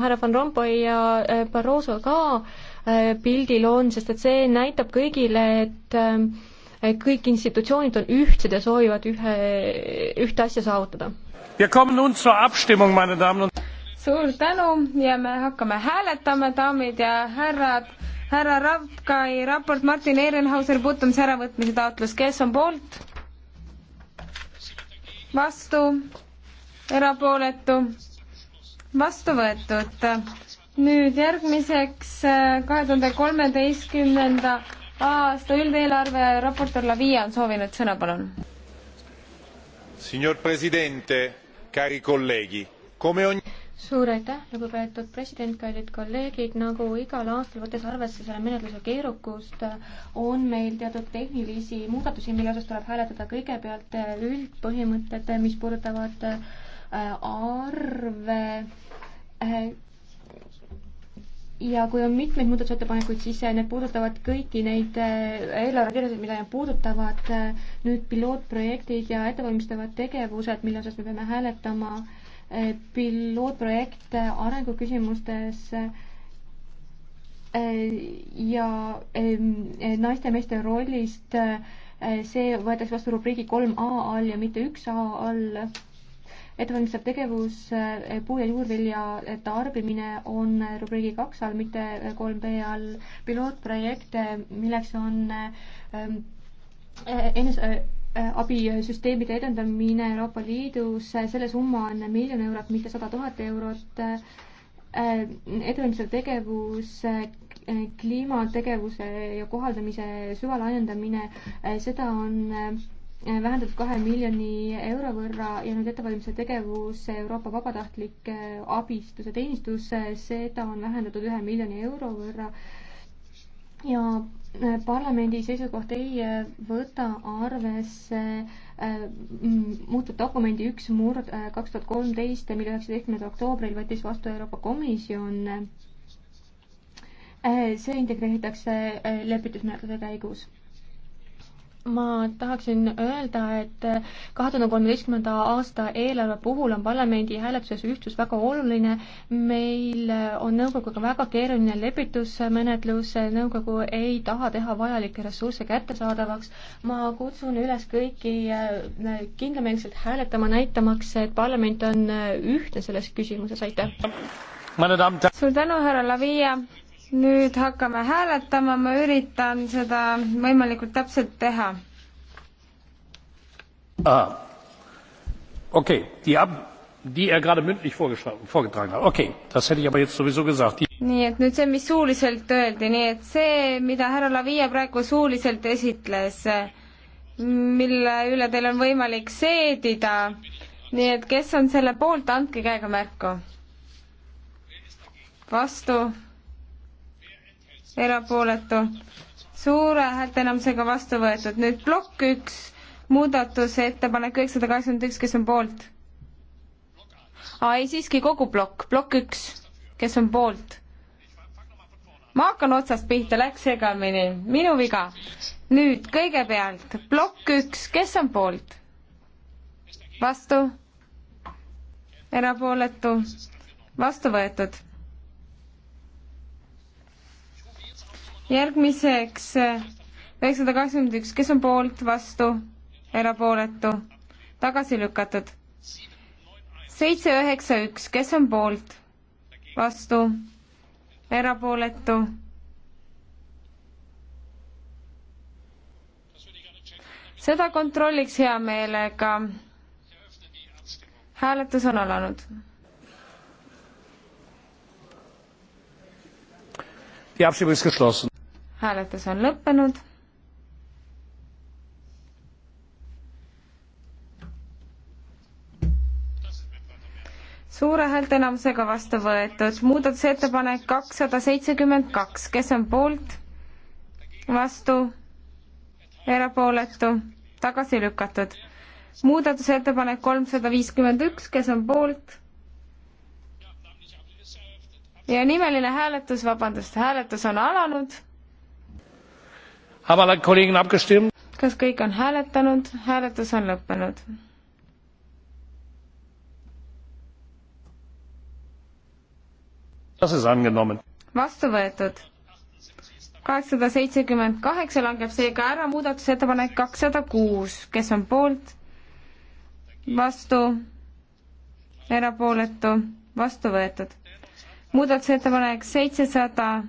härra Van Rompuy ja äh, Barroso ka äh, pildil on, sest et see näitab kõigile, äh, et kõik institutsioonid on ühtsed ja soovivad ühe, ühte asja saavutada. suur tänu ja me hakkame hääletama, daamid ja härrad. härra Ravkai raport Martin Ehrenhauseri puutumise äravõtmise taotlus, kes on poolt? vastu? erapooletu? vastu võetud. nüüd järgmiseks äh, kahe tuhande kolmeteistkümnenda aasta üldeelarve raportöör Lavia on soovinud sõna, palun. Signor Presidente, cari colleghi, come on suur aitäh, lugupeetud president, kallid kolleegid, nagu igal aastal, võttes arvesse selle menetluse keerukust, on meil teatud tehnilisi muudatusi, mille osas tuleb hääletada kõigepealt üldpõhimõtted, mis puudutavad äh, arve Äh, ja kui on mitmeid muudatusettepanekuid, siis äh, need puudutavad kõiki neid äh, eelarvekirjasid, mida need puudutavad, nüüd pilootprojektid ja ettevalmistavad tegevused, mille osas me peame hääletama, pilootprojekt arenguküsimustes ja ähm, naiste ja meeste rollist, see võetakse vastu rubriigi kolm A all ja mitte üks A all ettevalmistav tegevus, eh, puu- ja juurvilja tarbimine on rubriigi kaks all, mitte kolm B all. pilootprojekte, eh, milleks on eh, eneseabisüsteemide edendamine Euroopa Liidus, selle summa on miljon eurot, mitte sada tuhat eurot. ettevalmistav tegevus kliimategevuse ja kohaldamise süvalaiendamine, seda on vähendatud kahe miljoni euro võrra ja nüüd ettevalmistuse tegevus Euroopa vabatahtlike abistuse teenistus, seda on vähendatud ühe miljoni euro võrra. ja äh, parlamendi seisukoht ei äh, võta arvesse äh, muutub dokumendi üks murd kaks tuhat kolmteist, mille üheksateistkümnendal oktoobril võttis vastu Euroopa Komisjon. see integreeritakse lepitusmenetluse käigus ma tahaksin öelda, et kahe tuhande kolmeteistkümnenda aasta eelarve puhul on parlamendi hääletuses ühtsus väga oluline. meil on nõukoguga väga keeruline lepitusmenetlus, nõukogu ei taha teha vajalikke ressursse kättesaadavaks. ma kutsun üles kõiki äh, kindlameelselt hääletama, näitamaks, et parlament on äh, ühtne selles küsimuses, aitäh! suur tänu, härra Lavia! nüüd hakkame hääletama, ma üritan seda võimalikult täpselt teha. Ah. okei, die ab-, die er gerade mündlich vorgetragen hat, okei okay,, das hätte ich aber jetzt sowieso gesagt die.... nii et nüüd see, mis suuliselt öeldi, nii et see, mida härra Lavia praegu suuliselt esitles, mille üle teil on võimalik seedida, nii et kes on selle poolt, andke käega märku. vastu erapooletu, suure häälteenamusega vastu võetud. nüüd plokk üks, muudatusettepanek üheksasada kaheksakümmend üks, kes on poolt? aa, ei siiski kogu plokk, plokk üks, kes on poolt? ma hakkan otsast pihta, läks segamini, minu viga. nüüd kõigepealt plokk üks, kes on poolt? vastu? erapooletu? vastu võetud järgmiseks eh, üheksasada kakskümmend üks, kes on poolt, vastu, erapooletu, tagasi lükatud. seitse, üheksa, üks, kes on poolt, vastu, erapooletu. seda kontrolliks hea meelega. hääletus on alanud. Die Abstimmung ist geschlossen hääletus on lõppenud. suure häälteenamusega vastu võetud muudatusettepanek kakssada seitsekümmend kaks, kes on poolt, vastu, erapooletu, tagasi lükatud. muudatusettepanek kolmsada viiskümmend üks, kes on poolt ja nimeline hääletus, vabandust, hääletus on alanud kas kõik on hääletanud? hääletus on lõppenud. vastu võetud. kaheksasada seitsekümmend kaheksa langeb seega ära muudatusettepanek kakssada kuus, kes on poolt, vastu, erapooletu, vastu võetud. muudatusettepanek seitsesada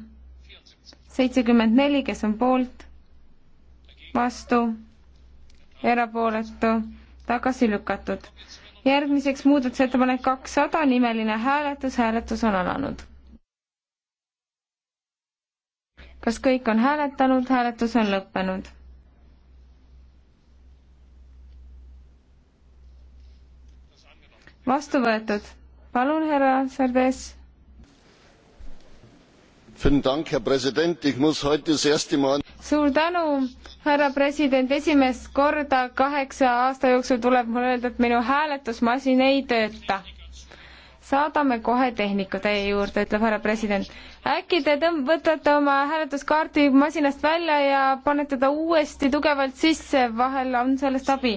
seitsekümmend neli, kes on poolt, vastu, erapooletu, tagasi lükatud. järgmiseks muudatusettepanek kakssada, nimeline hääletus, hääletus on alanud. kas kõik on hääletanud, hääletus on lõppenud? vastu võetud. palun, härra Sardes suur tänu, härra president, esimest korda kaheksa aasta jooksul tuleb mul öelda, et minu hääletusmasin ei tööta. saadame kohe tehniku teie juurde, ütleb härra president. äkki te tõmb-, võtate oma hääletuskaardi masinast välja ja panete ta uuesti tugevalt sisse, vahel on sellest abi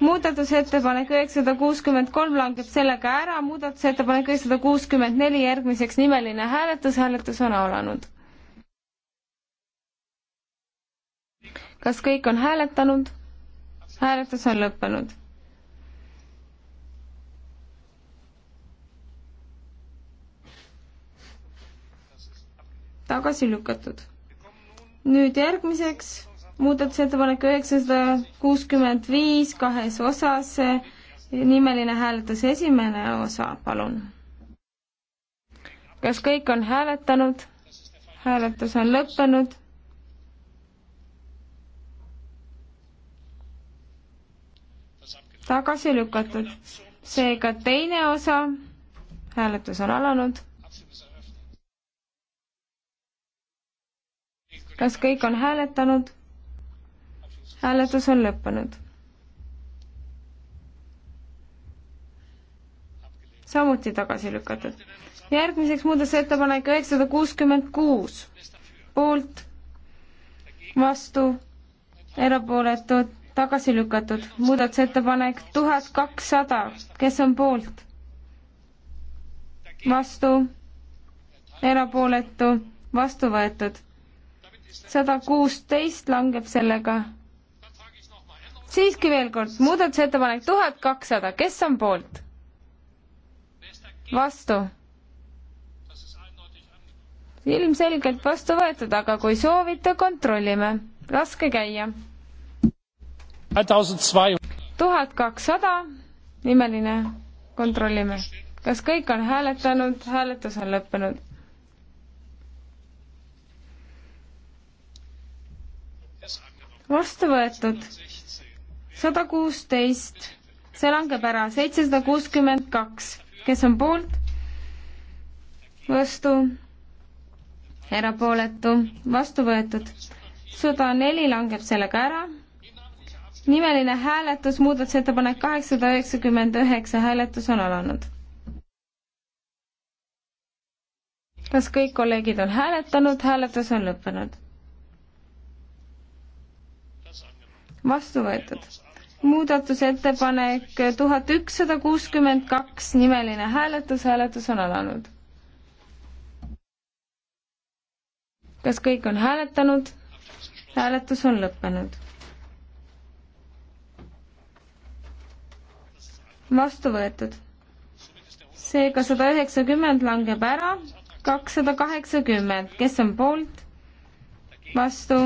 muudatusettepanek üheksasada kuuskümmend kolm langeb sellega ära, muudatusettepanek üheksasada kuuskümmend neli, järgmiseks nimeline hääletus, hääletus on alanud. kas kõik on hääletanud? hääletus on lõppenud. tagasi lükatud. nüüd järgmiseks muudatusettepanek üheksasada kuuskümmend viis kahes osas, nimeline hääletus, esimene osa, palun. kas kõik on hääletanud? hääletus on lõppenud. tagasi lükatud, seega teine osa, hääletus on alanud. kas kõik on hääletanud? hääletus on lõppenud. samuti tagasi lükatud. järgmiseks muudatusettepanek üheksasada kuuskümmend kuus, poolt, vastu, erapooletud, tagasi lükatud. muudatusettepanek tuhat kakssada, kes on poolt? vastu, erapooletu, vastu võetud. sada kuusteist langeb sellega siiski veel kord, muudatusettepanek tuhat kakssada, kes on poolt? vastu? ilmselgelt vastu võetud, aga kui soovite, kontrollime. laske käia. tuhat kakssada, nimeline, kontrollime. kas kõik on hääletanud, hääletus on lõppenud? vastu võetud sada kuusteist, see langeb ära, seitsesada kuuskümmend kaks, kes on poolt, vastu, erapooletu, vastu võetud. sada neli langeb sellega ära, nimeline hääletus, muudatusettepanek kaheksasada üheksakümmend üheksa, hääletus on alanud. kas kõik kolleegid on hääletanud, hääletus on lõppenud? vastu võetud muudatusettepanek tuhat ükssada kuuskümmend kaks, nimeline hääletus, hääletus on alanud. kas kõik on hääletanud? hääletus on lõppenud. vastu võetud. seega sada üheksakümmend langeb ära, kakssada kaheksakümmend, kes on poolt, vastu,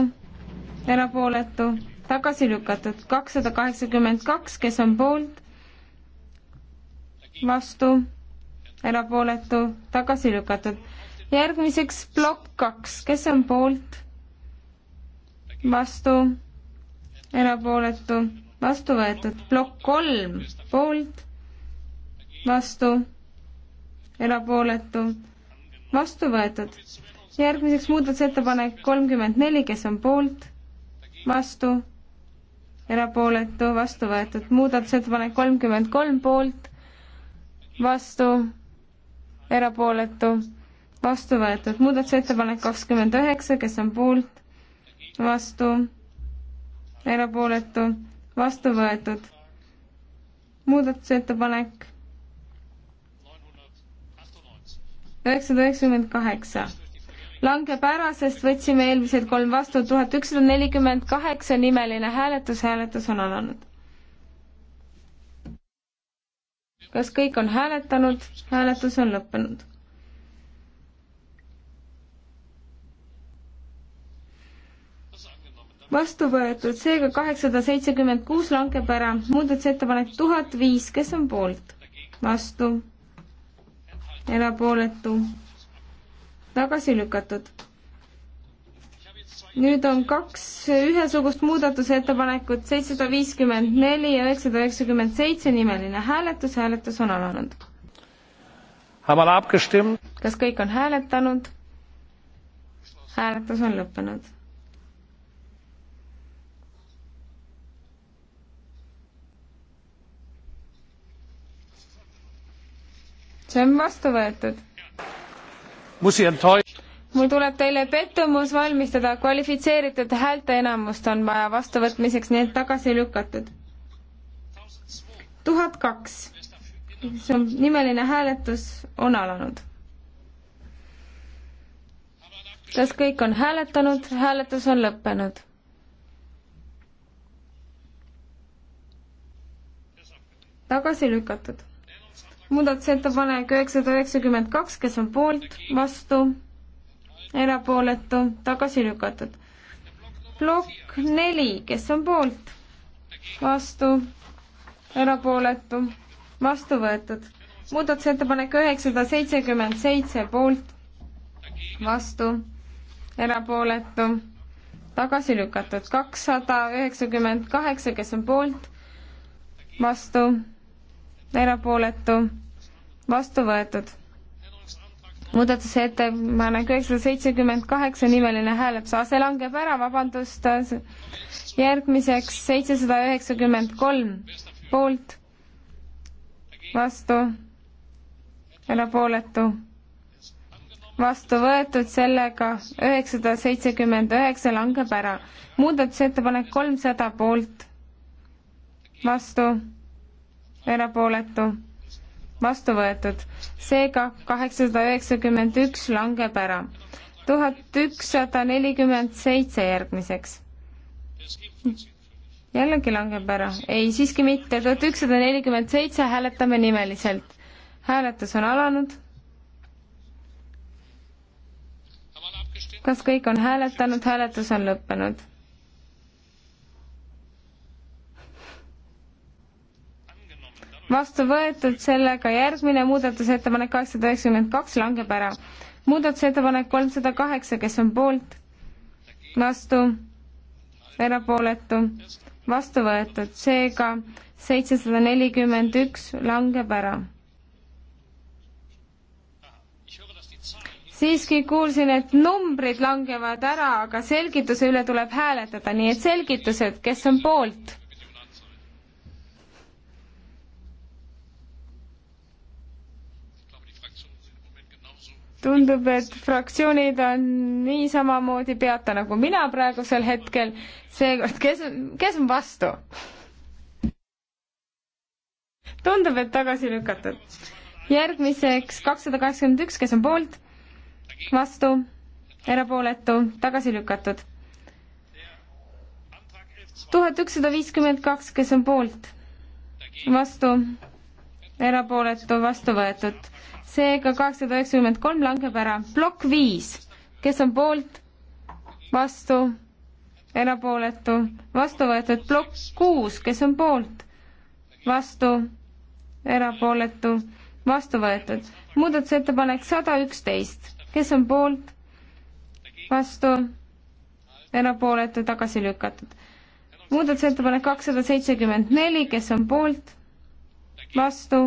erapooletu tagasi lükatud. kakssada kaheksakümmend kaks, kes on poolt, vastu, erapooletu, tagasi lükatud. järgmiseks plokk kaks, kes on poolt, vastu, erapooletu, vastu võetud. plokk kolm, poolt, vastu, erapooletu, vastu võetud. järgmiseks muudatusettepanek kolmkümmend neli, kes on poolt, vastu, erapooletu, vastu võetud. muudatusettepanek kolmkümmend kolm poolt, vastu, erapooletu, vastu võetud. muudatusettepanek kakskümmend üheksa, kes on poolt, vastu, erapooletu, vastu võetud. muudatusettepanek üheksasada üheksakümmend kaheksa langeb ära, sest võtsime eelmised kolm vastu, tuhat ükssada nelikümmend kaheksa nimeline hääletus, hääletus on alanud. kas kõik on hääletanud? hääletus on lõppenud. vastu võetud, seega kaheksasada seitsekümmend kuus langeb ära, muudatusettepanek tuhat viis, kes on poolt? vastu, erapooletu tagasi lükatud. nüüd on kaks ühesugust muudatusettepanekut, seitsesada viiskümmend neli ja üheksasada üheksakümmend seitse nimeline hääletus, hääletus on alanud. kas kõik on hääletanud? hääletus on lõppenud see on vastu võetud mul tuleb teile pettumus valmistada, kvalifitseeritud häälteenamust on vaja vastuvõtmiseks, nii et tagasi lükatud. tuhat kaks, see on nimeline hääletus, on alanud. kas kõik on hääletanud, hääletus on lõppenud? tagasi lükatud muudatusettepanek üheksasada üheksakümmend kaks, kes on poolt, vastu, erapooletu, tagasi lükatud. plokk neli, kes on poolt, vastu, erapooletu, vastu võetud. muudatusettepanek üheksasada seitsekümmend seitse, poolt, vastu, erapooletu, tagasi lükatud. kakssada üheksakümmend kaheksa, kes on poolt, vastu erapooletu, vastu võetud. muudatusettepanek üheksasada seitsekümmend kaheksa nimeline hääletus, see langeb ära, vabandust. järgmiseks seitsesada üheksakümmend kolm poolt, vastu, erapooletu vastu võetud, sellega üheksasada seitsekümmend üheksa langeb ära. muudatusettepanek kolmsada poolt, vastu erapooletu, vastu võetud. seega kaheksasada üheksakümmend üks langeb ära. tuhat ükssada nelikümmend seitse järgmiseks. jällegi langeb ära, ei siiski mitte, tuhat ükssada nelikümmend seitse hääletame nimeliselt. hääletus on alanud. kas kõik on hääletanud, hääletus on lõppenud vastu võetud, sellega järgmine muudatusettepanek kaheksasada üheksakümmend kaks langeb ära. muudatusettepanek kolmsada kaheksa, kes on poolt, vastu, erapooletu, vastu võetud, seega seitsesada nelikümmend üks langeb ära. siiski kuulsin, et numbrid langevad ära, aga selgituse üle tuleb hääletada, nii et selgitused, kes on poolt tundub, et fraktsioonid on nii samamoodi peata nagu mina praegusel hetkel. seekord, kes, kes on vastu? tundub, et tagasi lükatud. järgmiseks kakssada kaheksakümmend üks, kes on poolt, vastu, erapooletu, tagasi lükatud. tuhat ükssada viiskümmend kaks, kes on poolt, vastu, erapooletu, vastu võetud seega kakssada üheksakümmend kolm langeb ära. plokk viis, kes on poolt, vastu, erapooletu, vastu võetud. plokk kuus, kes on poolt, vastu, erapooletu, vastu võetud. muudatusettepanek sada üksteist, kes on poolt, vastu, erapooletu, tagasi lükatud. muudatusettepanek kakssada seitsekümmend neli, kes on poolt, vastu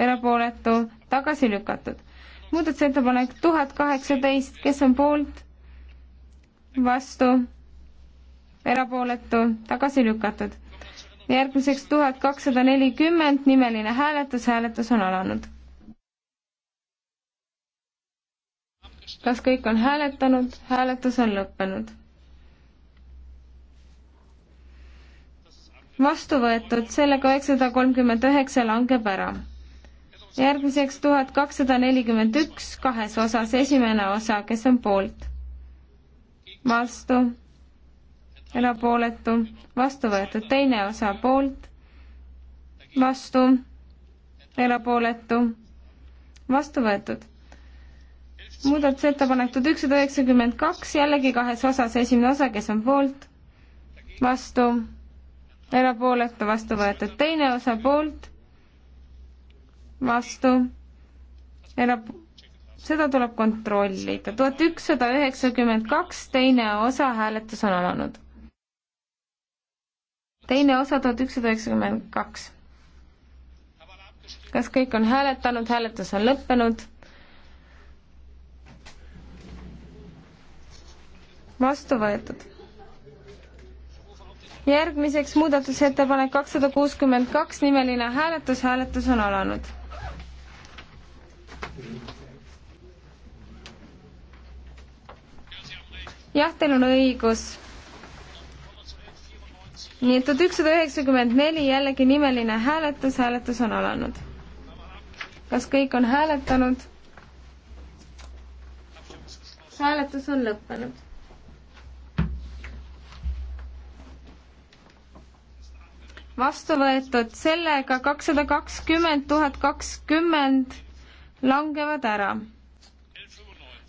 erapooletu, tagasi lükatud. muudatusettepanek tuhat kaheksateist, kes on poolt, vastu, erapooletu, tagasi lükatud. järgmiseks tuhat kakssada nelikümmend, nimeline hääletus, hääletus on alanud. kas kõik on hääletanud, hääletus on lõppenud vastu võetud, sellega üheksasada kolmkümmend üheksa langeb ära järgmiseks tuhat kakssada nelikümmend üks kahes osas, esimene osa, kes on poolt? vastu, erapooletu, vastu võetud, teine osa poolt, vastu, erapooletu, vastu võetud. muudatusettepanekud ükssada üheksakümmend kaks, jällegi kahes osas, esimene osa, kes on poolt, vastu, erapooletu, vastu võetud, teine osa poolt vastu, erap-, seda tuleb kontrollida. tuhat ükssada üheksakümmend kaks, teine osa, hääletus on alanud. teine osa tuhat ükssada üheksakümmend kaks. kas kõik on hääletanud, hääletus on lõppenud? vastu võetud järgmiseks muudatusettepanek kakssada kuuskümmend kaks, nimeline hääletus, hääletus on alanud jah, teil on õigus. nii et tuhat ükssada üheksakümmend neli jällegi nimeline hääletus, hääletus on alanud. kas kõik on hääletanud? hääletus on lõppenud. vastu võetud sellega kakssada kakskümmend tuhat kakskümmend langevad ära.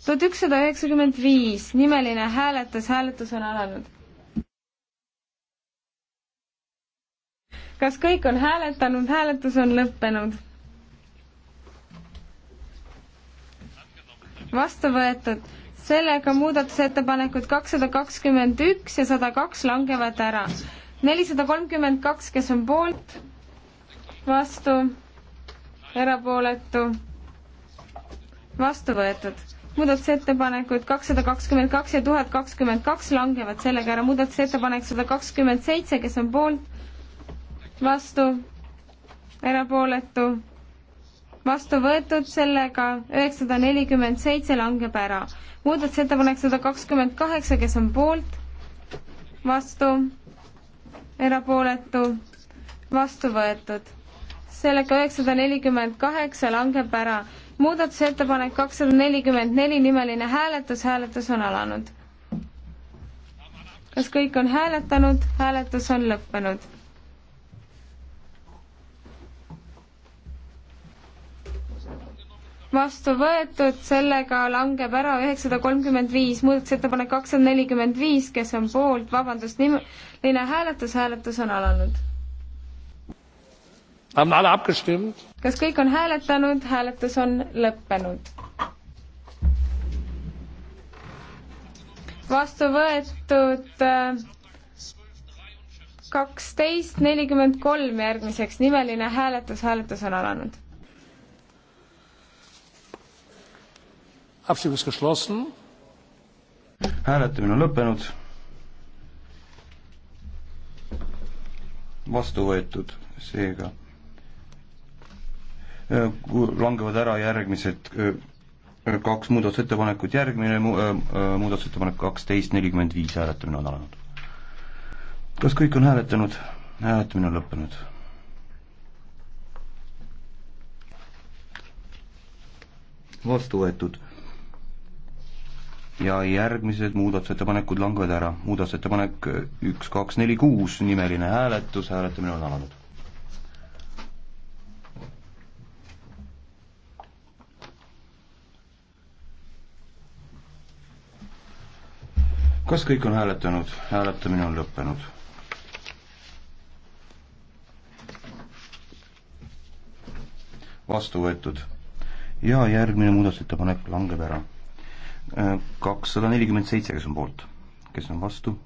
tuhat ükssada üheksakümmend viis, nimeline hääletus, hääletus on alanud. kas kõik on hääletanud, hääletus on lõppenud? vastu võetud, sellega muudatusettepanekud kakssada kakskümmend üks ja sada kaks langevad ära. nelisada kolmkümmend kaks, kes on poolt, vastu, erapooletu vastu võetud. muudatusettepanekud kakssada kakskümmend kaks ja tuhat kakskümmend kaks langevad sellega ära. muudatusettepanek sada kakskümmend seitse, kes on poolt, vastu, erapooletu, vastu võetud sellega, üheksasada nelikümmend seitse langeb ära. muudatusettepanek sada kakskümmend kaheksa, kes on poolt, vastu, erapooletu, vastu võetud. sellega üheksasada nelikümmend kaheksa langeb ära muudatusettepanek kakssada nelikümmend neli, nimeline hääletus, hääletus on alanud. kas kõik on hääletanud, hääletus on lõppenud? vastu võetud, sellega langeb ära üheksasada kolmkümmend viis, muudatusettepanek kakssada nelikümmend viis, kes on poolt, vabandust, nimeline hääletus, hääletus on alanud kas kõik on hääletanud, hääletus on lõppenud. vastu võetud äh, kaksteist nelikümmend kolm järgmiseks nimeline hääletus, hääletus on alanud. hääletamine on lõppenud. vastu võetud, seega langevad ära järgmised kaks muudatusettepanekut, järgmine mu-, muudatusettepanek kaksteist nelikümmend viis hääletamine on alanud. kas kõik on hääletanud? hääletamine on lõppenud. vastu võetud. ja järgmised muudatusettepanekud langevad ära, muudatusettepanek üks, kaks, neli, kuus, nimeline hääletus, hääletamine on alanud. kas kõik on hääletanud? hääletamine on lõppenud. vastu võetud ja järgmine muudatusettepanek langeb ära. Äh, kakssada nelikümmend seitse, kes on poolt, kes on vastu,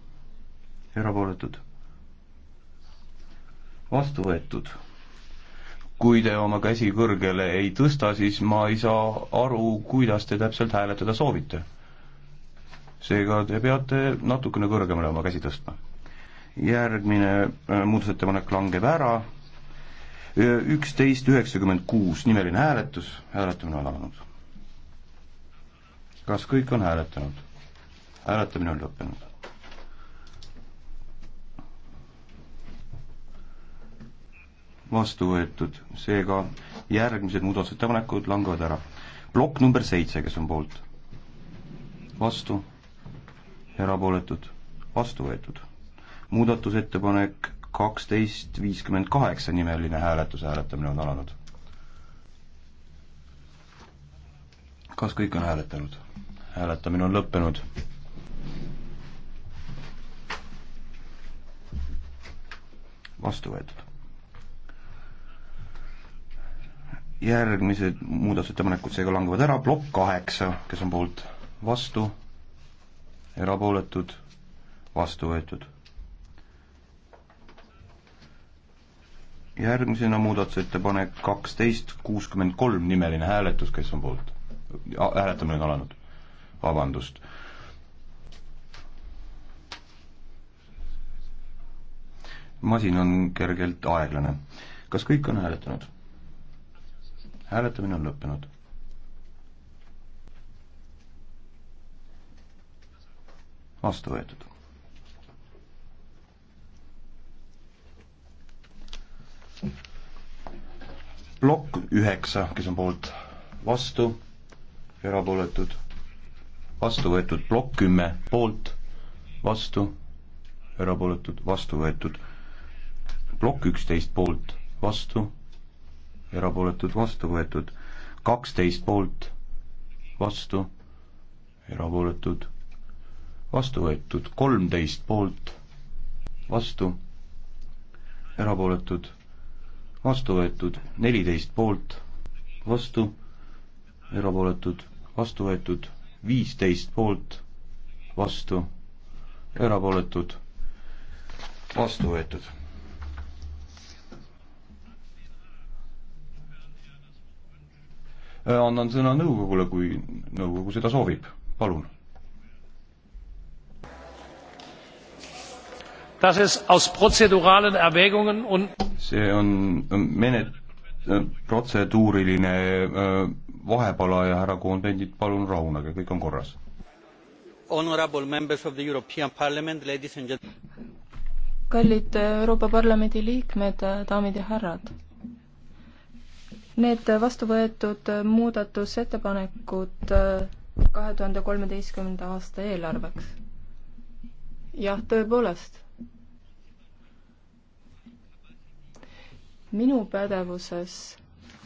erapooletud, vastu võetud. kui te oma käsi kõrgele ei tõsta, siis ma ei saa aru, kuidas te täpselt hääletada soovite seega te peate natukene kõrgemale oma käsi tõstma. järgmine äh, muudatusettepanek langeb ära, üksteist üheksakümmend kuus, nimeline hääletus, hääletamine on alanud. kas kõik on hääletanud? hääletamine on lõppenud. vastu võetud, seega järgmised muudatusettepanekud langevad ära. plokk number seitse, kes on poolt? vastu erapooletud, vastu võetud. muudatusettepanek kaksteist viiskümmend kaheksa nimeline hääletus, hääletamine on alanud. kas kõik on hääletanud? hääletamine on lõppenud. vastu võetud. järgmised muudatusettepanekud seega langevad ära, plokk kaheksa, kes on poolt, vastu erapooletud, vastu võetud. järgmisena muudatusettepanek kaksteist kuuskümmend kolm nimeline hääletus, kes on poolt? hääletamine on alanud, vabandust. masin on kergelt aeglane. kas kõik on hääletanud? hääletamine on lõppenud vastu võetud. plokk üheksa, kes on poolt, vastu, erapooletud, vastu võetud, plokk kümme, poolt, vastu, erapooletud, vastu võetud, plokk üksteist poolt, vastu, erapooletud, vastu võetud, kaksteist poolt, vastu, erapooletud vastu võetud kolmteist poolt, vastu, erapooletud, vastu võetud neliteist poolt, vastu, erapooletud, vastu võetud viisteist poolt, vastu, erapooletud, vastu võetud. annan sõna nõukogule, kui nõukogu seda soovib, palun dass es aus prozeduralen Erwägungen und see on äh, menet-, äh, protseduuriline äh, vahepala ja härra Kohn-Pendit, palun rahunege, kõik on korras. kallid Euroopa Parlamendi liikmed, daamid ja härrad. Need vastu võetud muudatusettepanekud kahe tuhande kolmeteistkümnenda aasta eelarveks. jah, tõepoolest minu pädevuses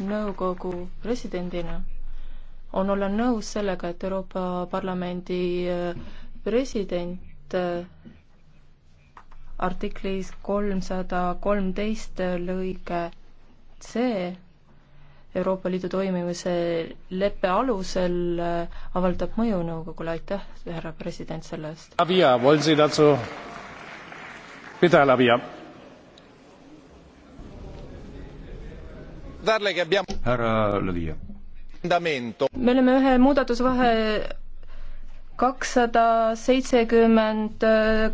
nõukogu presidendina on olla nõus sellega, et Euroopa Parlamendi äh, president äh, artiklis kolmsada kolmteist lõige C Euroopa Liidu toimimise leppe alusel äh, avaldab mõju nõukogule, aitäh, härra president, selle eest. härra Levija. me oleme ühe muudatusvahe kakssada seitsekümmend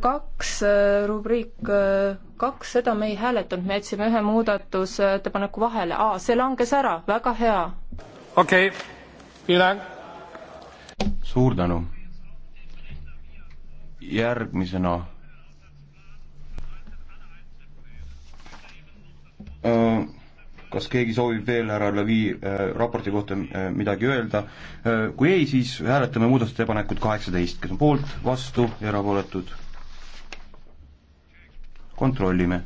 kaks äh, rubriik äh, kaks, seda me ei hääletanud, me jätsime ühe muudatusettepaneku vahele, aa, see langes ära, väga hea. okei okay., üle. suur tänu. järgmisena kas keegi soovib veel härra Levi äh, raporti kohta äh, midagi öelda, äh, kui ei, siis hääletame muudatusettepanekut kaheksateist, kes on poolt, vastu, erapooletud. kontrollime.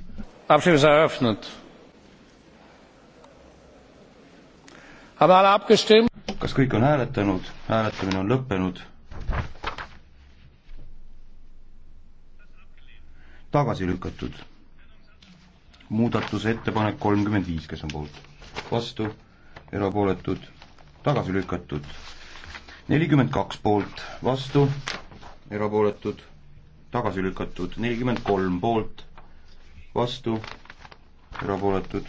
kas kõik on hääletanud, hääletamine on lõppenud? tagasi lükatud muudatusettepanek kolmkümmend viis, kes on poolt, vastu, erapooletud, tagasi lükatud, nelikümmend kaks poolt, vastu, erapooletud, tagasi lükatud, nelikümmend kolm poolt, vastu, erapooletud,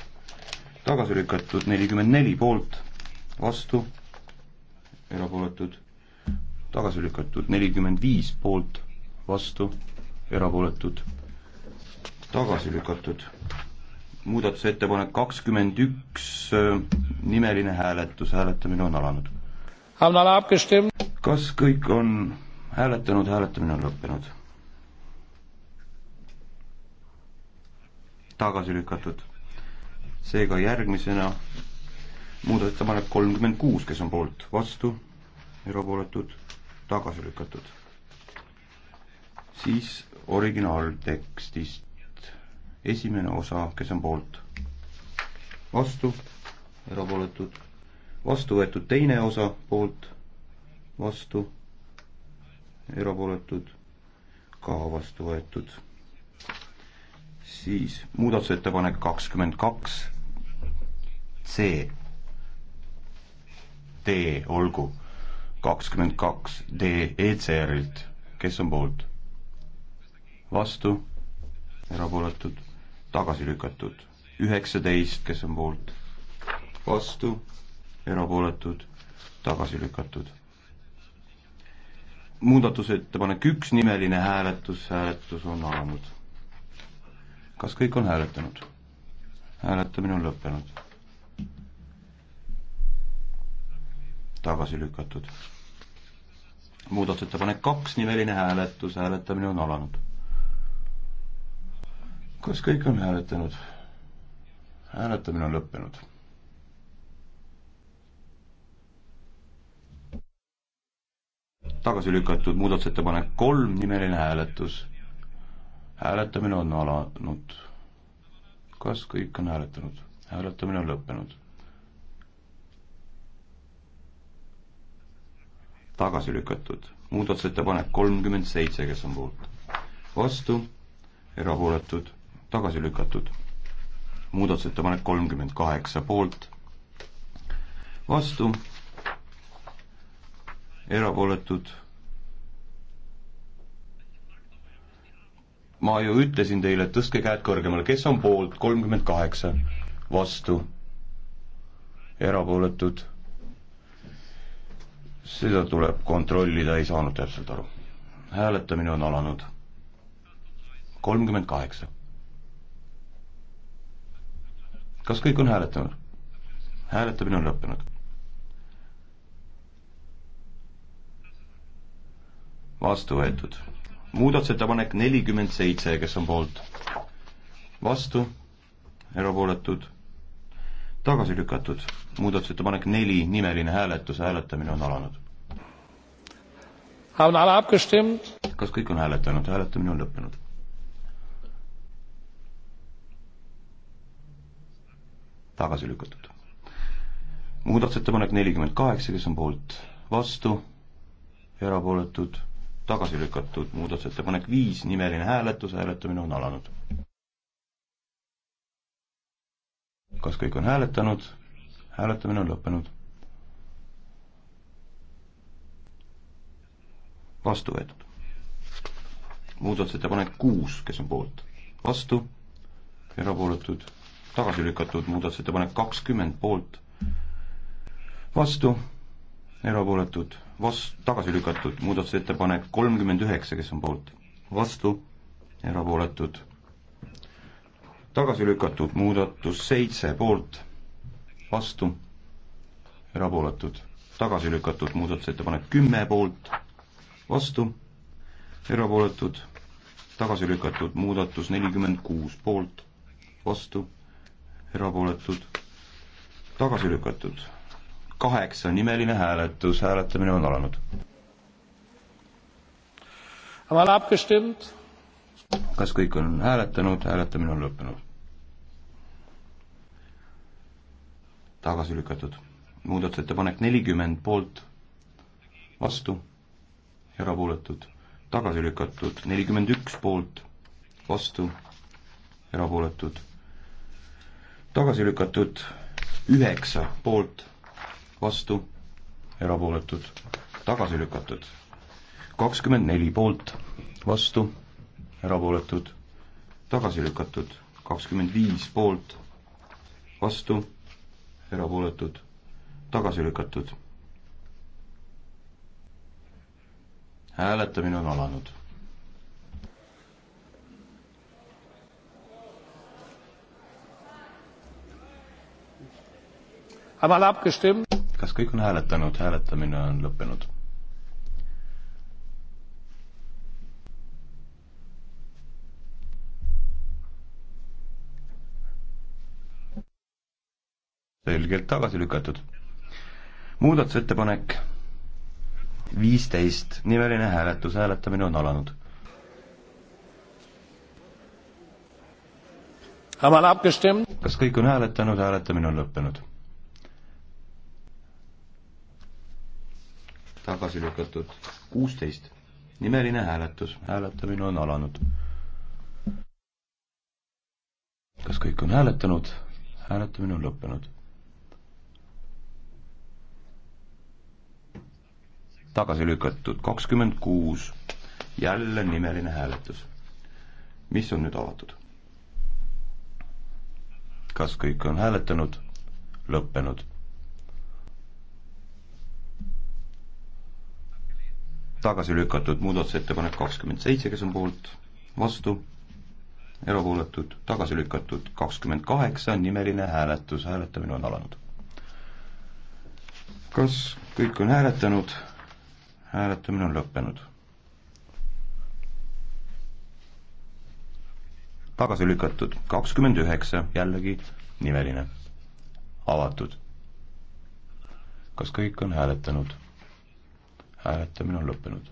tagasi lükatud, nelikümmend neli poolt, vastu, erapooletud, tagasi lükatud, nelikümmend viis poolt, vastu, erapooletud, tagasi lükatud muudatusettepanek kakskümmend üks, nimeline hääletus, hääletamine on alanud. kas kõik on hääletanud, hääletamine on lõppenud? tagasi lükatud. seega järgmisena muudatusettepanek kolmkümmend kuus, kes on poolt, vastu, erapooletud, tagasi lükatud. siis originaaltekstist esimene osa, kes on poolt, vastu, erapooletud, vastu võetud teine osa, poolt, vastu, erapooletud, ka vastu võetud. siis muudatusettepanek kakskümmend kaks, C, D, olgu, kakskümmend kaks, D ECR-ilt, kes on poolt, vastu, erapooletud tagasi lükatud. üheksateist, kes on poolt, vastu, erapooletud, tagasi lükatud. muudatusettepanek üks, nimeline hääletus, hääletus on alanud. kas kõik on hääletanud? hääletamine on lõppenud. tagasi lükatud. muudatusettepanek kaks, nimeline hääletus, hääletamine on alanud kas kõik on hääletanud? hääletamine on lõppenud. tagasi lükatud muudatusettepanek kolm, nimeline hääletus. hääletamine on alanud. kas kõik on hääletanud? hääletamine on lõppenud. tagasi lükatud muudatusettepanek kolmkümmend seitse, kes on poolt? vastu, erapooletud tagasi lükatud. muudatusettepanek kolmkümmend kaheksa poolt, vastu, erapooletud. ma ju ütlesin teile, et tõstke käed kõrgemale, kes on poolt, kolmkümmend kaheksa, vastu, erapooletud. seda tuleb kontrollida, ei saanud täpselt aru. hääletamine on alanud. kolmkümmend kaheksa kas kõik on hääletanud? hääletamine on lõppenud. vastu võetud. muudatusettepanek nelikümmend seitse, kes on poolt? vastu, erapooletud, tagasi lükatud. muudatusettepanek neli, nimeline hääletus, hääletamine on alanud. kas kõik on hääletanud, hääletamine on lõppenud? tagasi lükatud. muudatusettepanek nelikümmend kaheksa, kes on poolt, vastu, erapooletud, tagasi lükatud, muudatusettepanek viis, nimeline hääletus, hääletamine on alanud. kas kõik on hääletanud? hääletamine on lõppenud. vastu võetud. muudatusettepanek kuus, kes on poolt, vastu, erapooletud tagasi lükatud muudatusettepanek kakskümmend poolt, vastu, erapooletud, vas-, tagasi lükatud muudatusettepanek kolmkümmend üheksa, kes on poolt, vastu, erapooletud, tagasi lükatud muudatus seitse poolt, vastu, erapooletud, tagasi lükatud muudatusettepanek kümme poolt, vastu, erapooletud, tagasi lükatud muudatus nelikümmend kuus poolt, vastu erapooletud, tagasi lükatud. kaheksa nimeline hääletus, hääletamine on alanud. kas kõik on hääletanud, hääletamine on lõppenud? tagasi lükatud. muudatusettepanek nelikümmend poolt, vastu, erapooletud, tagasi lükatud, nelikümmend üks poolt, vastu, erapooletud tagasi lükatud üheksa poolt, vastu, erapooletud, tagasi lükatud. kakskümmend neli poolt, vastu, erapooletud, tagasi lükatud. kakskümmend viis poolt, vastu, erapooletud, tagasi lükatud. hääletamine on alanud kas kõik on hääletanud, hääletamine on lõppenud? selgelt tagasi lükatud. muudatusettepanek viisteist, nimeline hääletus, hääletamine on alanud. kas kõik on hääletanud, hääletamine on lõppenud tagasi lükatud. kuusteist, nimeline hääletus, hääletamine on alanud. kas kõik on hääletanud? hääletamine on lõppenud. tagasi lükatud kakskümmend kuus, jälle nimeline hääletus. mis on nüüd avatud? kas kõik on hääletanud? lõppenud tagasi lükatud muudatusettepanek kakskümmend seitse, kes on poolt, vastu, erapooletud, tagasi lükatud kakskümmend kaheksa, nimeline hääletus, hääletamine on alanud. kas kõik on hääletanud? hääletamine on lõppenud. tagasi lükatud kakskümmend üheksa, jällegi nimeline, avatud. kas kõik on hääletanud? hääletamine on lõppenud.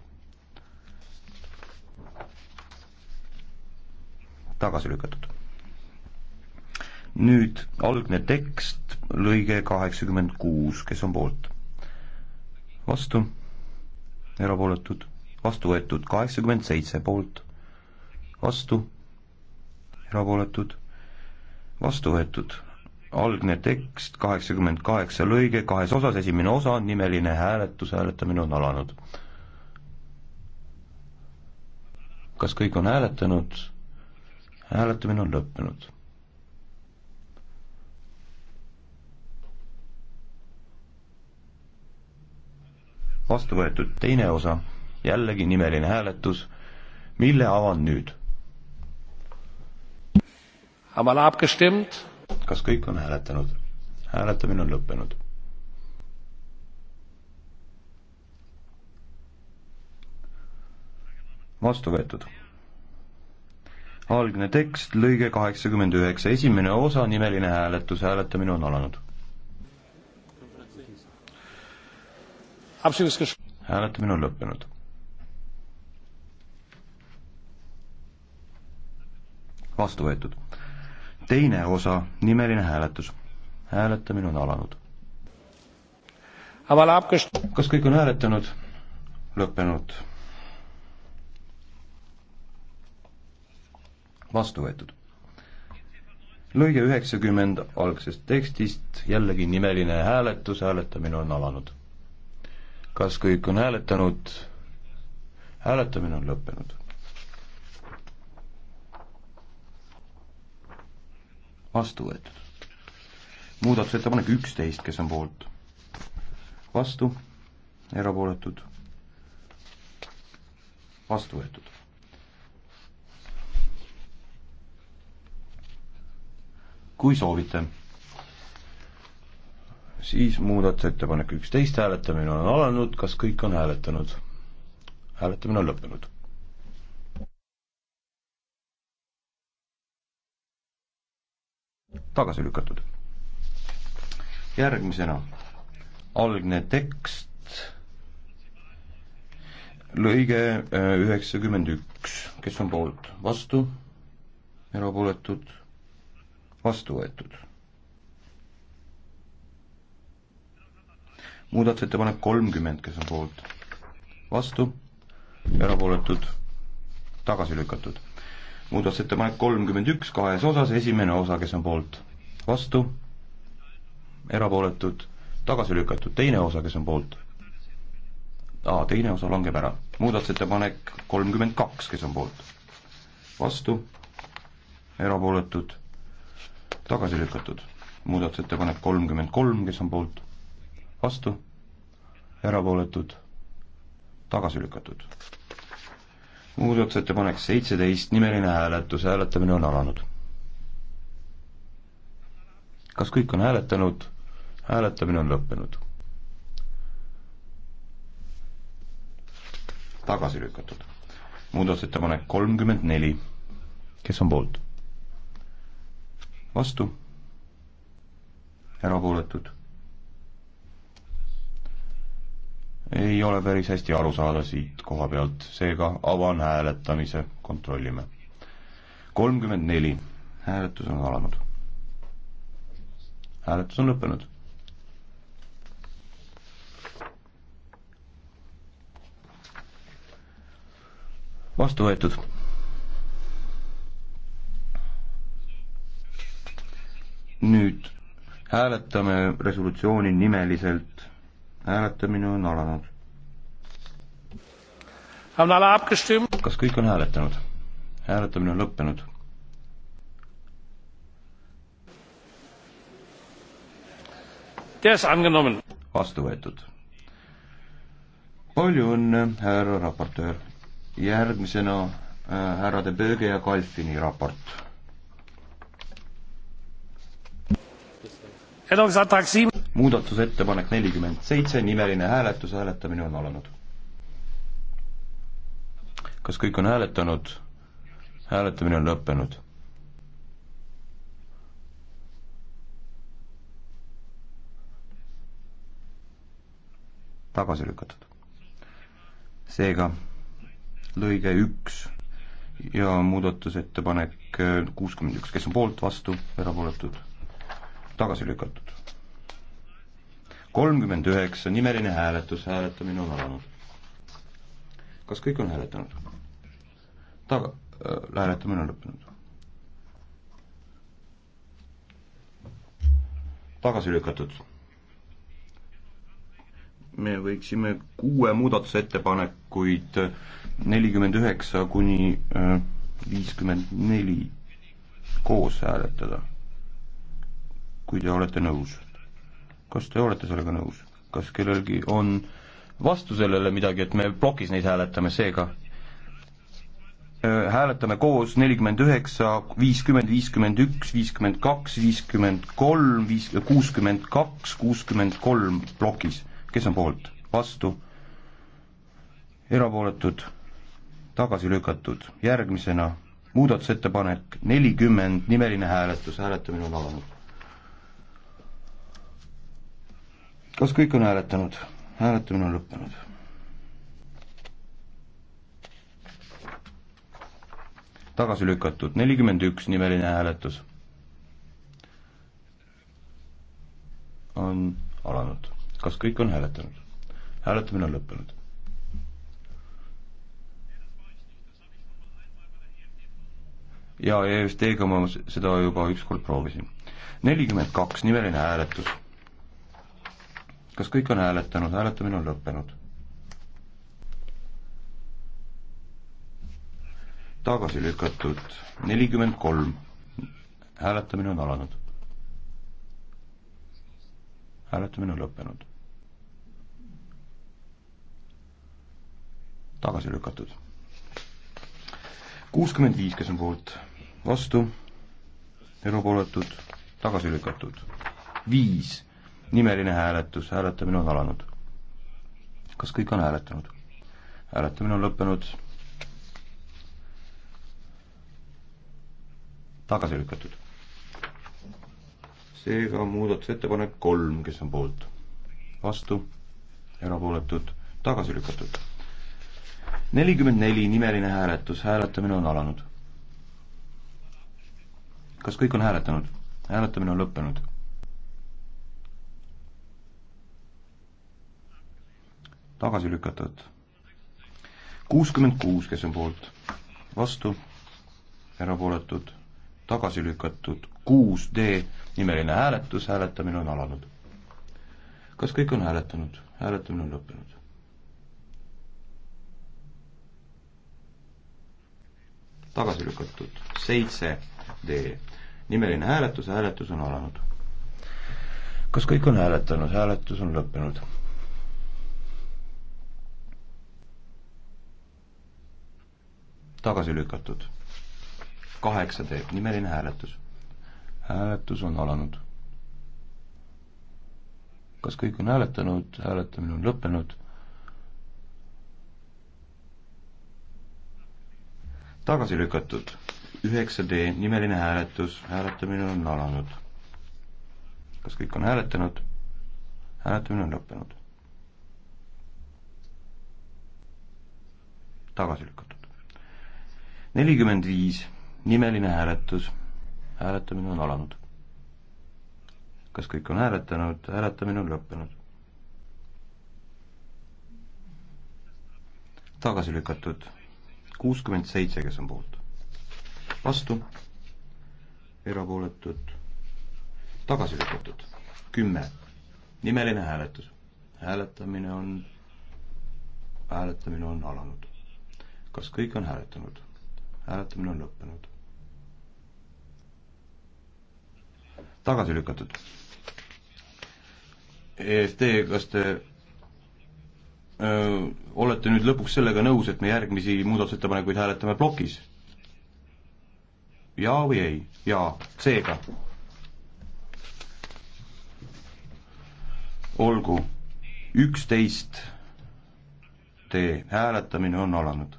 tagasi lükatud. nüüd algne tekst, lõige kaheksakümmend kuus, kes on poolt? vastu, erapooletud, vastu võetud kaheksakümmend seitse poolt, vastu, erapooletud, vastu võetud algne tekst, kaheksakümmend kaheksa lõige kahes osas, esimene osa, nimeline hääletus, hääletamine on alanud. kas kõik on hääletanud? hääletamine on lõppenud. vastu võetud teine osa, jällegi nimeline hääletus, mille avan nüüd? Haben alle abgestimmt? kas kõik on hääletanud? hääletamine on lõppenud. vastu võetud. algne tekst, lõige kaheksakümmend üheksa, esimene osa, nimeline hääletus, hääletamine on alanud. hääletamine on lõppenud. vastu võetud teine osa, nimeline hääletus. hääletamine on alanud. kas kõik on hääletanud? lõppenud. vastu võetud. lõige üheksakümmend algsest tekstist, jällegi nimeline hääletus, hääletamine on alanud. kas kõik on hääletanud? hääletamine on lõppenud. vastu võetud. muudatusettepanek üksteist, kes on poolt? vastu, erapooletud, vastu võetud. kui soovite, siis muudatusettepanek üksteist hääletamine on alanud, kas kõik on hääletanud? hääletamine on lõppenud tagasi lükatud. järgmisena algne tekst, lõige äh, üheksakümmend üks, kes on poolt, vastu, erapooletud, vastu võetud. muudatusettepanek kolmkümmend, kes on poolt, vastu, erapooletud, tagasi lükatud muudatusettepanek kolmkümmend üks kahes osas, esimene osa, kes on poolt, vastu, erapooletud, tagasi lükatud, teine osa, kes on poolt. aa, teine osa langeb ära. muudatusettepanek kolmkümmend kaks, kes on poolt, vastu, erapooletud, tagasi lükatud. muudatusettepanek kolmkümmend kolm, kes on poolt, vastu, erapooletud, tagasi lükatud muudatusettepanek seitseteist, nimeline hääletus, hääletamine on alanud. kas kõik on hääletanud? hääletamine on lõppenud. tagasi lükatud. muudatusettepanek kolmkümmend neli, kes on poolt? vastu? erapooletud ei ole päris hästi aru saada siit koha pealt, seega avan hääletamise, kontrollime. kolmkümmend neli, hääletus on alanud. hääletus on lõppenud. vastu võetud. nüüd hääletame resolutsiooni nimeliselt hääletamine on alanud. kas kõik on hääletanud? hääletamine on lõppenud. vastu võetud. palju õnne, härra raportöör. järgmisena äh, härrade Böge ja Kalfini raport. Änderungsantrag sieben muudatusettepanek nelikümmend seitse, nimeline hääletus, hääletamine on alanud. kas kõik on hääletanud? hääletamine on lõppenud. tagasi lükatud. seega lõige üks ja muudatusettepanek kuuskümmend üks, kes on poolt, vastu, erapooletud, tagasi lükatud kolmkümmend üheksa, nimeline hääletus, hääletamine on alanud. kas kõik on hääletanud? taga äh,, hääletamine on lõppenud. tagasi lükatud. me võiksime kuue muudatusettepanekuid nelikümmend üheksa kuni äh, viiskümmend neli koos hääletada, kui te olete nõus kas te olete sellega nõus? kas kellelgi on vastu sellele midagi, et me plokis neid hääletame, seega äh, hääletame koos nelikümmend üheksa, viiskümmend, viiskümmend üks, viiskümmend kaks, viiskümmend kolm, viis, kuuskümmend kaks, kuuskümmend kolm plokis. kes on poolt? vastu? erapooletud? tagasi lükatud. järgmisena muudatusettepanek nelikümmend, nimeline hääletus, hääletamine on alanud. kas kõik on hääletanud? hääletamine on lõppenud. tagasi lükatud nelikümmend üks nimeline hääletus on alanud. kas kõik on hääletanud? hääletamine on lõppenud. ja EFD-ga ma seda juba ükskord proovisin. nelikümmend kaks nimeline hääletus kas kõik on hääletanud, hääletamine on lõppenud. tagasi lükatud nelikümmend kolm, hääletamine on alanud. hääletamine on lõppenud. tagasi lükatud. kuuskümmend viis, kes on poolt, vastu, erapooletud, tagasi lükatud. viis nimeline hääletus, hääletamine on alanud. kas kõik on hääletanud? hääletamine on lõppenud. tagasi lükatud. seega muudatusettepanek kolm, kes on poolt, vastu, erapooletud, tagasi lükatud. nelikümmend neli, nimeline hääletus, hääletamine on alanud. kas kõik on hääletanud? hääletamine on lõppenud tagasi lükatud. kuuskümmend kuus, kes on poolt, vastu, erapooletud, tagasi lükatud, kuus D nimeline hääletus, hääletamine on alanud. kas kõik on hääletanud? hääletamine on lõppenud. tagasi lükatud, seitse D nimeline hääletus, hääletus on alanud. kas kõik on hääletanud? hääletus on lõppenud tagasi lükatud. kaheksa teeb nimeline hääletus. hääletus on alanud. kas kõik on hääletanud, hääletamine on lõppenud? tagasi lükatud. üheksa D nimeline hääletus, hääletamine on alanud. kas kõik on hääletanud? hääletamine on lõppenud. tagasi lükatud nelikümmend viis, nimeline hääletus. hääletamine on alanud. kas kõik on hääletanud, hääletamine on lõppenud. tagasi lükatud kuuskümmend seitse, kes on poolt. vastu, erapooletud, tagasi lükatud, kümme, nimeline hääletus. hääletamine on, hääletamine on alanud. kas kõik on hääletanud? hääletamine on lõppenud. tagasi lükatud. EFT, kas te öö, olete nüüd lõpuks sellega nõus, et me järgmisi muudatusettepanekuid hääletame plokis? jaa või ei? jaa, seega. olgu, üksteist tee hääletamine on alanud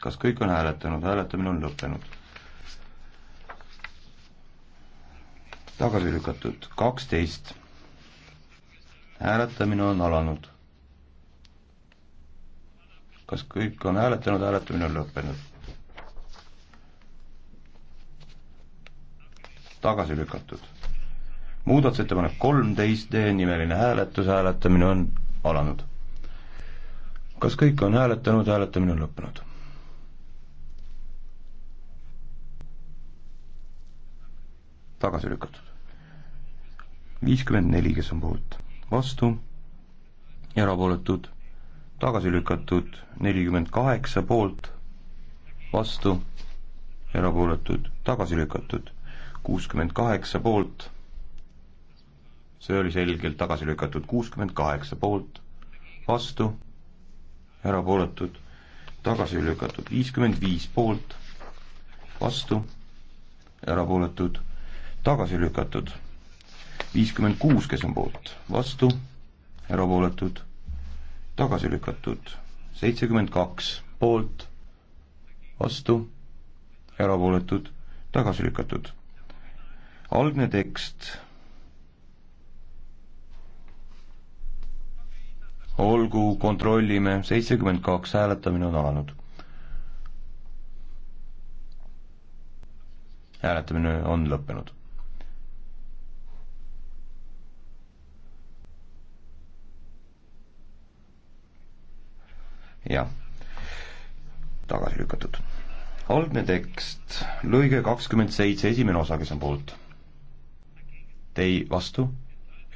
kas kõik on hääletanud, hääletamine on lõppenud. tagasi lükatud kaksteist. hääletamine on alanud. kas kõik on hääletanud, hääletamine on lõppenud. tagasi lükatud. muudatusettepanek kolmteist D nimeline hääletus, hääletamine on alanud. kas kõik on hääletanud, hääletamine on lõppenud? tagasi lükatud. viiskümmend neli, kes on poolt, vastu, erapooletud, tagasi lükatud, nelikümmend kaheksa poolt, vastu, erapooletud, tagasi lükatud, kuuskümmend kaheksa poolt, see oli selgelt tagasi lükatud, kuuskümmend kaheksa poolt, vastu, erapooletud, tagasi lükatud, viiskümmend viis poolt, vastu, erapooletud tagasi lükatud. viiskümmend kuus, kes on poolt, vastu, erapooletud, tagasi lükatud. seitsekümmend kaks, poolt, vastu, erapooletud, tagasi lükatud. algne tekst olgu, kontrollime, seitsekümmend kaks, hääletamine on alanud. hääletamine on lõppenud. jah, tagasi lükatud. algne tekst, lõige kakskümmend seitse, esimene osa, kes on poolt? ei, vastu,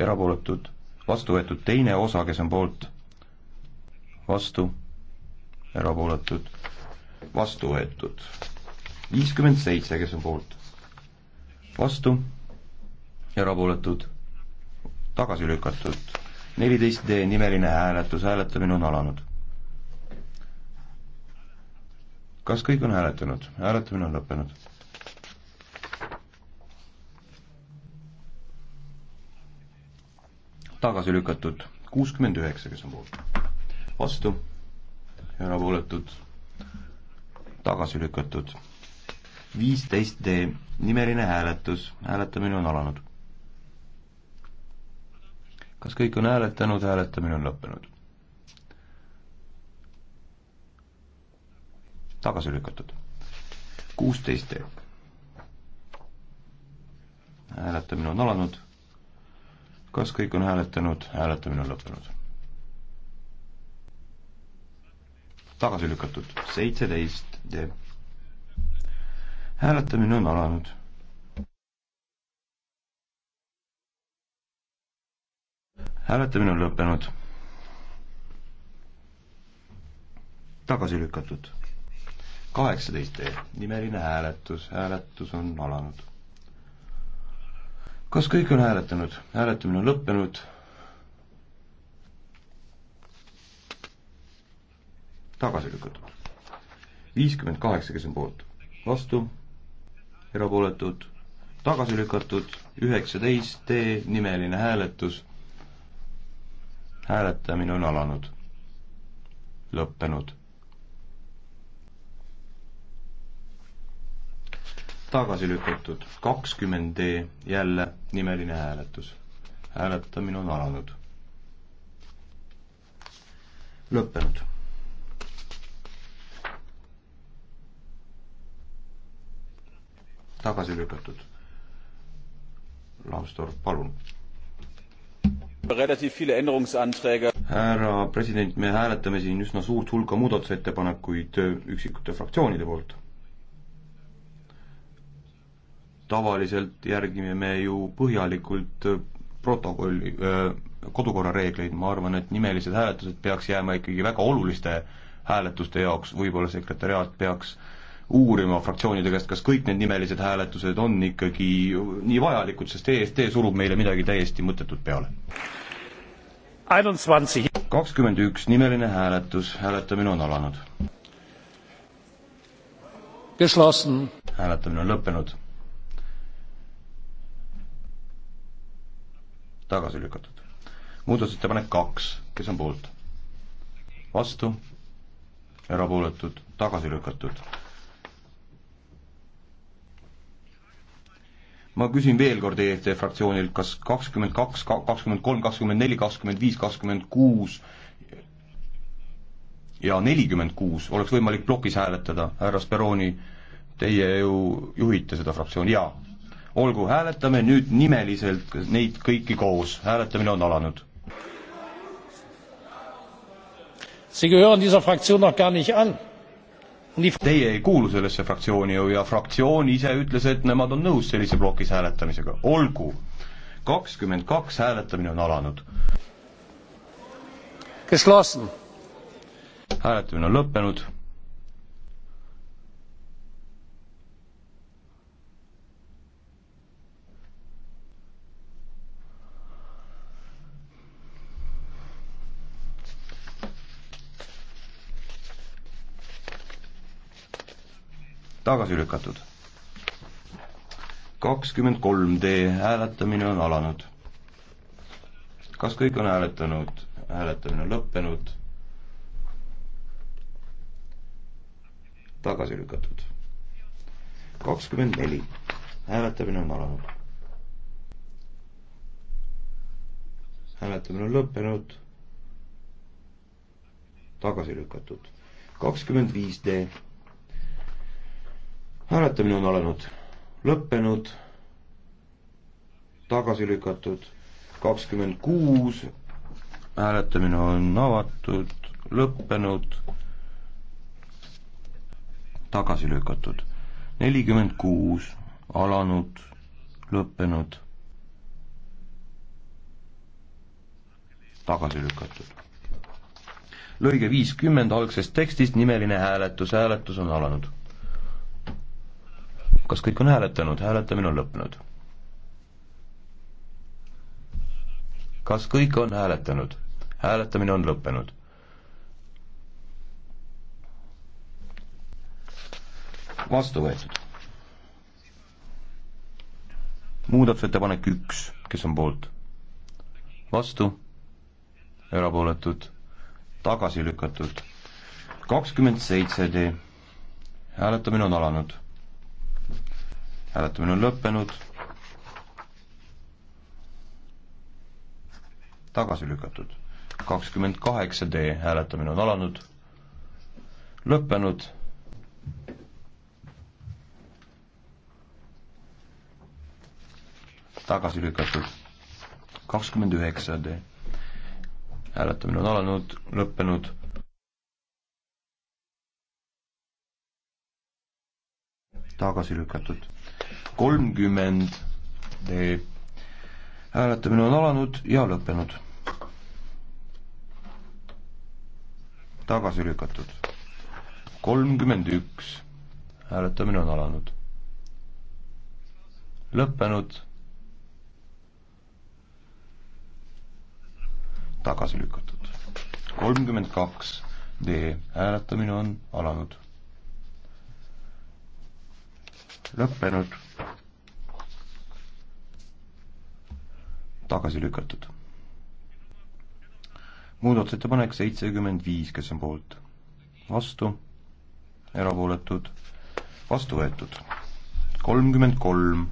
erapooletud, vastu võetud, teine osa, kes on poolt? vastu, erapooletud, vastu võetud. viiskümmend seitse, kes on poolt? vastu, erapooletud, tagasi lükatud. neliteist D nimeline hääletus, hääletamine on alanud kas kõik on hääletanud? hääletamine on lõppenud. tagasi lükatud kuuskümmend üheksa, kes on poolt. vastu, erapooletud, tagasi lükatud. viisteist D, nimeline hääletus, hääletamine on alanud. kas kõik on hääletanud, hääletamine on lõppenud. tagasi lükatud. kuusteist E. hääletamine on alanud. kas kõik on hääletanud, hääletamine on lõppenud. tagasi lükatud, seitseteist D. hääletamine on alanud hääletamine on lõppenud. tagasi lükatud kaheksateist E nimeline hääletus, hääletus on alanud. kas kõik on hääletanud? hääletamine on lõppenud. tagasi lükatud. viiskümmend kaheksa, kes on poolt, vastu, erapooletud, tagasi lükatud, üheksateist D e. nimeline hääletus. hääletamine on alanud, lõppenud tagasi lükatud, kakskümmend D jälle nimeline hääletus. hääletamine on alanud. lõppenud. tagasi lükatud. Lambsdorff, palun. härra president, me hääletame siin üsna suurt hulka muudatusettepanekuid üksikute fraktsioonide poolt tavaliselt järgime me ju põhjalikult äh, protokolli, äh, kodukorra reegleid, ma arvan, et nimelised hääletused peaks jääma ikkagi väga oluliste hääletuste jaoks, võib-olla sekretäriaat peaks uurima fraktsioonide käest, kas kõik need nimelised hääletused on ikkagi nii vajalikud, sest EFT surub meile midagi täiesti mõttetut peale. kakskümmend üks nimeline hääletus, hääletamine on alanud. hääletamine on lõppenud tagasi lükatud. muudatusettepanek kaks, kes on poolt? vastu, erapooletud, tagasi lükatud. ma küsin veel kord EFT fraktsioonilt, kas kakskümmend kaks, kakskümmend kolm, kakskümmend neli, kakskümmend viis, kakskümmend kuus ja nelikümmend kuus oleks võimalik plokis hääletada, härra Speroni, teie ju juhite seda fraktsiooni, jaa olgu, hääletame nüüd nimeliselt neid kõiki koos, hääletamine on alanud. Teie ei kuulu sellesse fraktsiooni ju ja fraktsioon ise ütles, et nemad on nõus sellise plokis hääletamisega, olgu. kakskümmend kaks hääletamine on alanud. hääletamine on lõppenud tagasi lükatud. kakskümmend kolm D hääletamine on alanud. kas kõik on hääletanud? hääletamine on lõppenud. tagasi lükatud. kakskümmend neli hääletamine on alanud. hääletamine on lõppenud, tagasi lükatud. kakskümmend viis D hääletamine on alanud, lõppenud, tagasi lükatud kakskümmend kuus, hääletamine on avatud, lõppenud, tagasi lükatud nelikümmend kuus, alanud, lõppenud, tagasi lükatud. lõige viiskümmend algsest tekstist, nimeline hääletus, hääletus on alanud kas kõik on hääletanud, hääletamine on lõppenud. kas kõik on hääletanud, hääletamine on lõppenud. vastu võetud. muudatusettepanek üks, kes on poolt? vastu, erapooletud, tagasi lükatud. kakskümmend seitse D, hääletamine on alanud hääletamine on lõppenud. tagasi lükatud. kakskümmend kaheksa D hääletamine on alanud, lõppenud. tagasi lükatud. kakskümmend üheksa D hääletamine on alanud, lõppenud tagasi lükatud. kolmkümmend D hääletamine on alanud ja lõppenud. tagasi lükatud. kolmkümmend üks hääletamine on alanud. lõppenud. tagasi lükatud. kolmkümmend kaks D hääletamine on alanud lõppenud, tagasi lükatud. muudatusettepanek seitsekümmend viis, kes on poolt, vastu, erapooletud, vastu võetud. kolmkümmend kolm,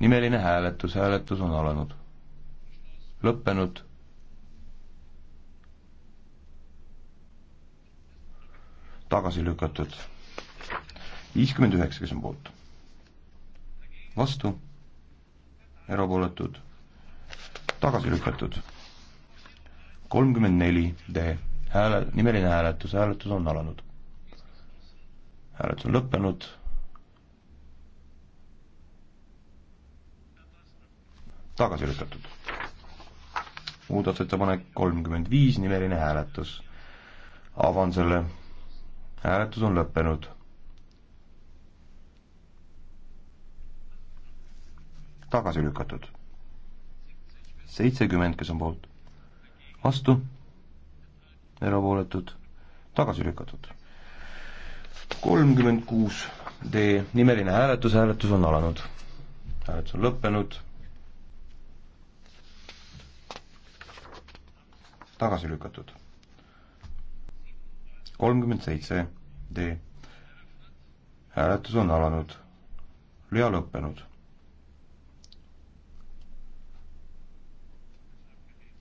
nimeline hääletus, hääletus on alanud, lõppenud tagasi lükatud. viiskümmend üheksa, kes on poolt vastu, erapooletud, tagasi lükatud. kolmkümmend neli D hääle, nimeline hääletus, hääletus on alanud. hääletus on lõppenud. tagasi lükatud. muudatusettepanek kolmkümmend viis, nimeline hääletus. avan selle. hääletus on lõppenud tagasi lükatud. seitsekümmend, kes on poolt, vastu, erapooletud, tagasi lükatud. kolmkümmend kuus D nimeline hääletus, hääletus on alanud. hääletus on lõppenud. tagasi lükatud. kolmkümmend seitse D hääletus on alanud ja lõppenud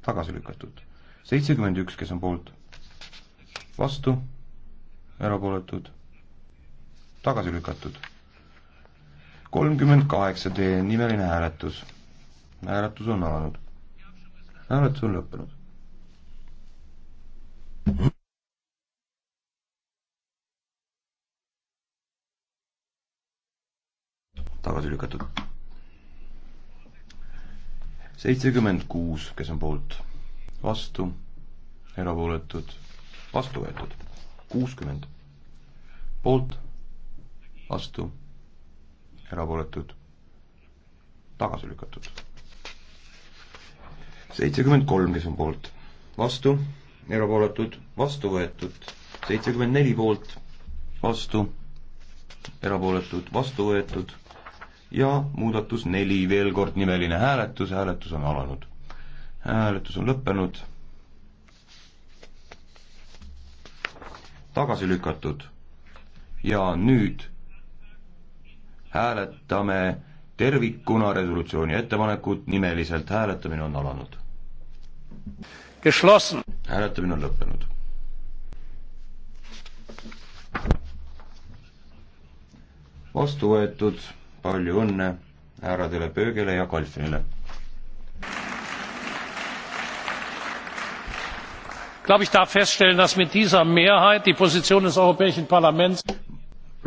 tagasi lükatud. seitsekümmend üks, kes on poolt, vastu, erapooletud, tagasi lükatud. kolmkümmend kaheksa tee nimeline hääletus. hääletus on alanud. hääletus on lõppenud. tagasi lükatud seitsekümmend kuus, kes on poolt, vastu, erapooletud, vastu võetud. kuuskümmend, poolt, vastu, erapooletud, tagasi lükatud. seitsekümmend kolm, kes on poolt, vastu, erapooletud, vastu võetud, seitsekümmend neli poolt, vastu, erapooletud, vastu võetud ja muudatus neli, veel kord nimeline hääletus, hääletus on alanud. hääletus on lõppenud, tagasi lükatud ja nüüd hääletame tervikuna resolutsiooni ettepanekut, nimeliselt hääletamine on alanud. hääletamine on lõppenud. vastu võetud palju õnne härradele Pöögele ja Kalfinile! glaube ich darf feststellen dass mit dieser mehrheit die position des europäischen parlaments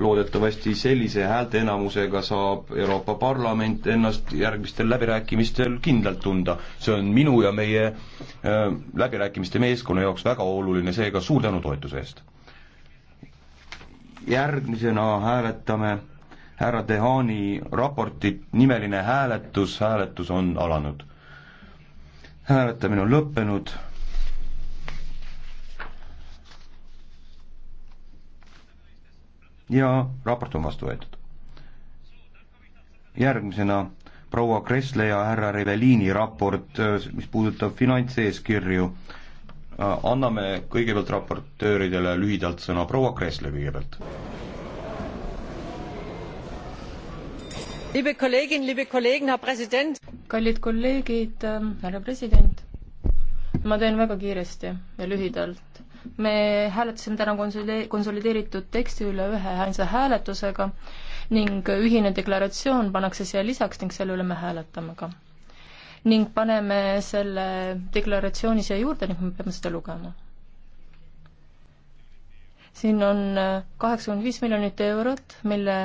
loodetavasti sellise häälteenamusega saab Euroopa Parlament ennast järgmistel läbirääkimistel kindlalt tunda. see on minu ja meie äh, läbirääkimiste meeskonna jaoks väga oluline, seega suur tänu toetuse eest. järgmisena hääletame härra Dehani raportit, nimeline hääletus, hääletus on alanud. hääletamine on lõppenud. ja raport on vastu võetud. järgmisena proua Kressle ja härra Reveliini raport, mis puudutab finantseeskirju. anname kõigepealt raportööridele lühidalt sõna, proua Kressle kõigepealt liebe kolleginnen liebe kollegen herr präsident! kallid kolleegid ähm, härra president ma teen väga kiiresti ja lühidalt me hääletasime täna konsolide- konsolideeritud teksti üle üheäänsa hääletusega ning ühine deklaratsioon pannakse siia lisaks ning selle üle me hääletame ka ning paneme selle deklaratsiooni siia juurde ning me peame seda lugema siin on äh, kaheksakümmend viis miljonit eurot mille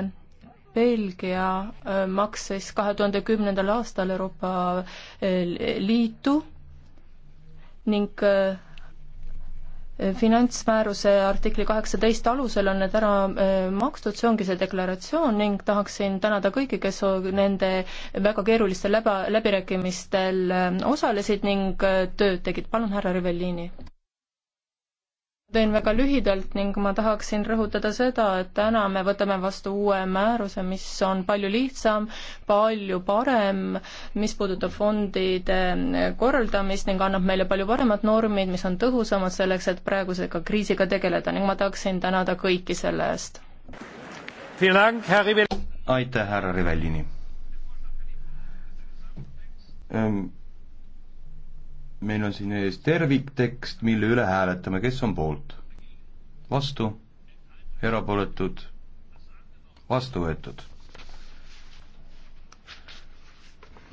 Belgia äh, maksis kahe tuhande kümnendal aastal Euroopa äh, Liitu ning äh, finantsmääruse artikli kaheksateist alusel on need ära makstud, see ongi see deklaratsioon ning tahaksin tänada kõiki, kes nende väga keerulistel läba, läbirääkimistel osalesid ning tööd tegid. palun, härra Rivellini! teen väga lühidalt ning ma tahaksin rõhutada seda, et täna me võtame vastu uue määruse, mis on palju lihtsam, palju parem, mis puudutab fondide korraldamist ning annab meile palju paremad normid, mis on tõhusamad selleks, et praegusega kriisiga tegeleda ning ma tahaksin tänada kõiki selle eest. aitäh, härra Rivellini! Ehm, meil on siin ees terviktekst, mille üle hääletame, kes on poolt? vastu? erapooletud? vastu võetud?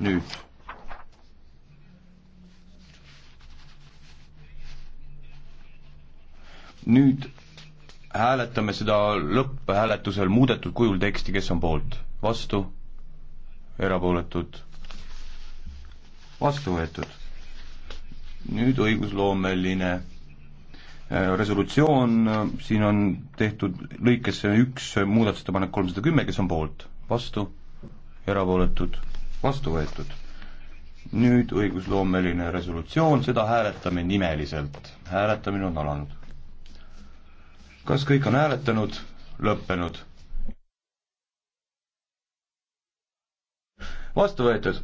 nüüd. nüüd hääletame seda lõpphääletusel muudetud kujul teksti, kes on poolt, vastu, erapooletud, vastu võetud nüüd õigusloomeline äh, resolutsioon, siin on tehtud lõikesse üks muudatusettepanek kolmsada kümme, kes on poolt, vastu, erapooletud, vastu võetud. nüüd õigusloomeline resolutsioon, seda hääletame nimeliselt. hääletamine on alanud. kas kõik on hääletanud, lõppenud? vastu võetud.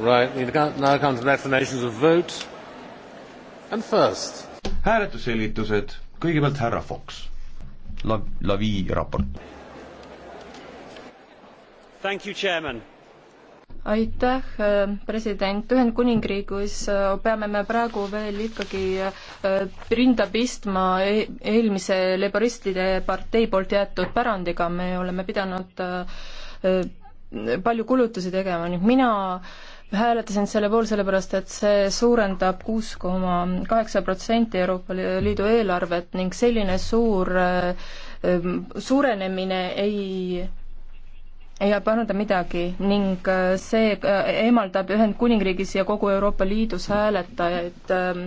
Right, we now come to the explanations of vote. And first. hääletusselgitused, kõigepealt härra Fox. La-, Lavi raport. Thank you, chairman aitäh, äh, president, Ühendkuningriigis äh, peame me praegu veel ikkagi äh, rinda pistma e-, eelmise laboristide partei poolt jäetud pärandiga, me oleme pidanud palju kulutusi tegema, nüüd mina äh, hääletasin selle poolt sellepärast, et see suurendab kuus koma kaheksa protsenti Euroopa Liidu eelarvet ning selline suur äh, suurenemine ei ei paranda midagi ning äh, see äh, eemaldab Ühendkuningriigis ja kogu Euroopa Liidus hääletajaid ähm,